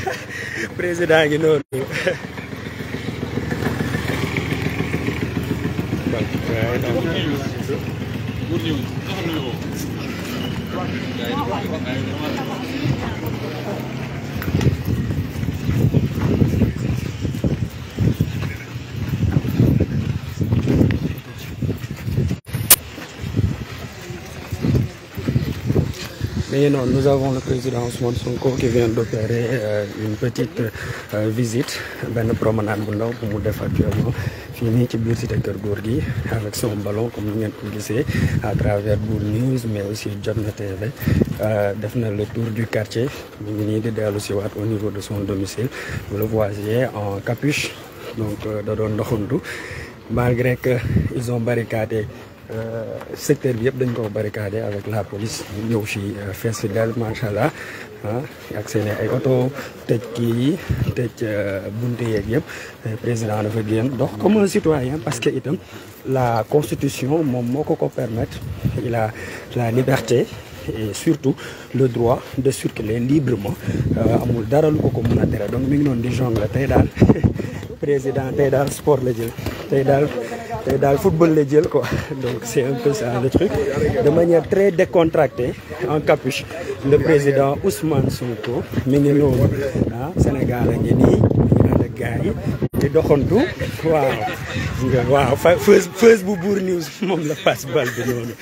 président gi noonu nous avons le président Ousmane Sonko qui vient d'opérer euh, une petite euh, visite, ben promenade pour nous bu mu Fini actuellement ci avec son ballon comme nous de le à travers Bour News mais aussi John TV euh, le tour du quartier Il de au niveau de son domicile vous le voyez en capuche donc euh, da malgré qu'ils ont barricadé euh, secteur bi yëpp dañ ko barricadé avec la police ñëw ci euh, fees fi dell macha ah, ak seen ay auto tëj kii yi tëj euh, bunte yeeg yëpp président dafa génn dox comme un citoyen parce que itam la constitution moom moo ko ko permettre il a la liberté et surtout le droit de circuler librement amul dara lu ko ko mën a tere donc mi ngi noonu di jongle tey daal président dans le sport la jël le football donc c'est un peu ça le truc de manière très décontractée en capuche le président Ousmane Sonko Mini ngi ah, Sénégal di doxantu waaw waaw Facebook feuse bu Bour News moom la passe bal bi noonu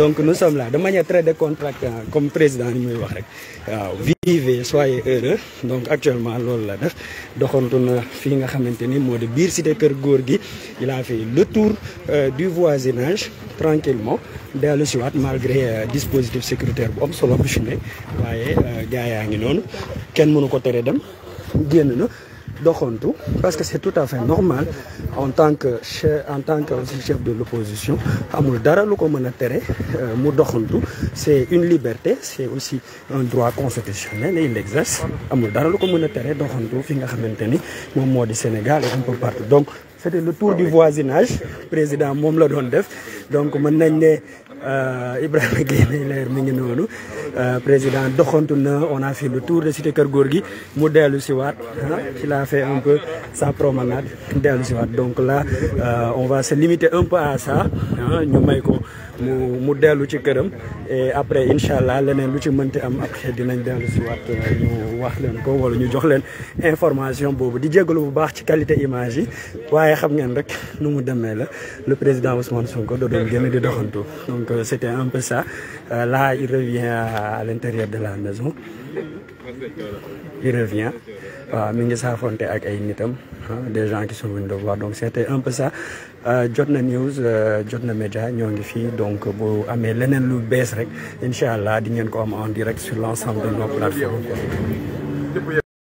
donc nous sommes là de manière très décontractée hein, comme président ni muy wax rek waaw vivez soyez heureux donc actuellement loolu la def doxantu na fii nga xamante ni moo di biir cité kër góor gi il a fait le tour euh, du voisinage tranquillement dellu si waat malgré euh, dispositif sécuritaire bu am solo bu fi ne waaye euh, gaa yaa ngi noonu kenn mënu ko tere dem génn na doxantu parce que c'est tout à fait normal en tant que chef en tant que chef de l'opposition amul dara lu ko mën a euh, mu doxantu c'est une liberté c'est aussi un droit constitutionnel et il l'exerce amul dara lu ko mën a tere doxantu fi nga xamante ni moom Sénégal et un peu partout donc c'était le tour du voisinage président moom la doon def donc mën nañ ne Ibrahim Gueye le président doxantu on a fait le tour de cité Kër Modèle mu ah, il a fait un peu sa promenade donc là euh, on va se limiter un peu à ça ah, mu mu dellu ci këram et après incha allah leneen lu ci mënti am après dinañ dellu si waat euh, ñu wax leen ko wala ñu jox leen information boobu di jégalu bu baax ci qualité image yi waaye xam ngeen rek nu mu demee la le président Ousmane Sonko da doon génn di doxantu donc euh, c'était un peu ça euh, là il revient à l'intérieur de la maison il revient waaw mi ngi saafonte ak ay nitam hein, des gens qui sont venus le voir donc c'était un peu ça euh, jot news euh, jotna media média ñoo ngi fi donc bu améliorer leneen lu bess rek inshallah di ngeen ko am en direct sur l'ensemble de nos plateformes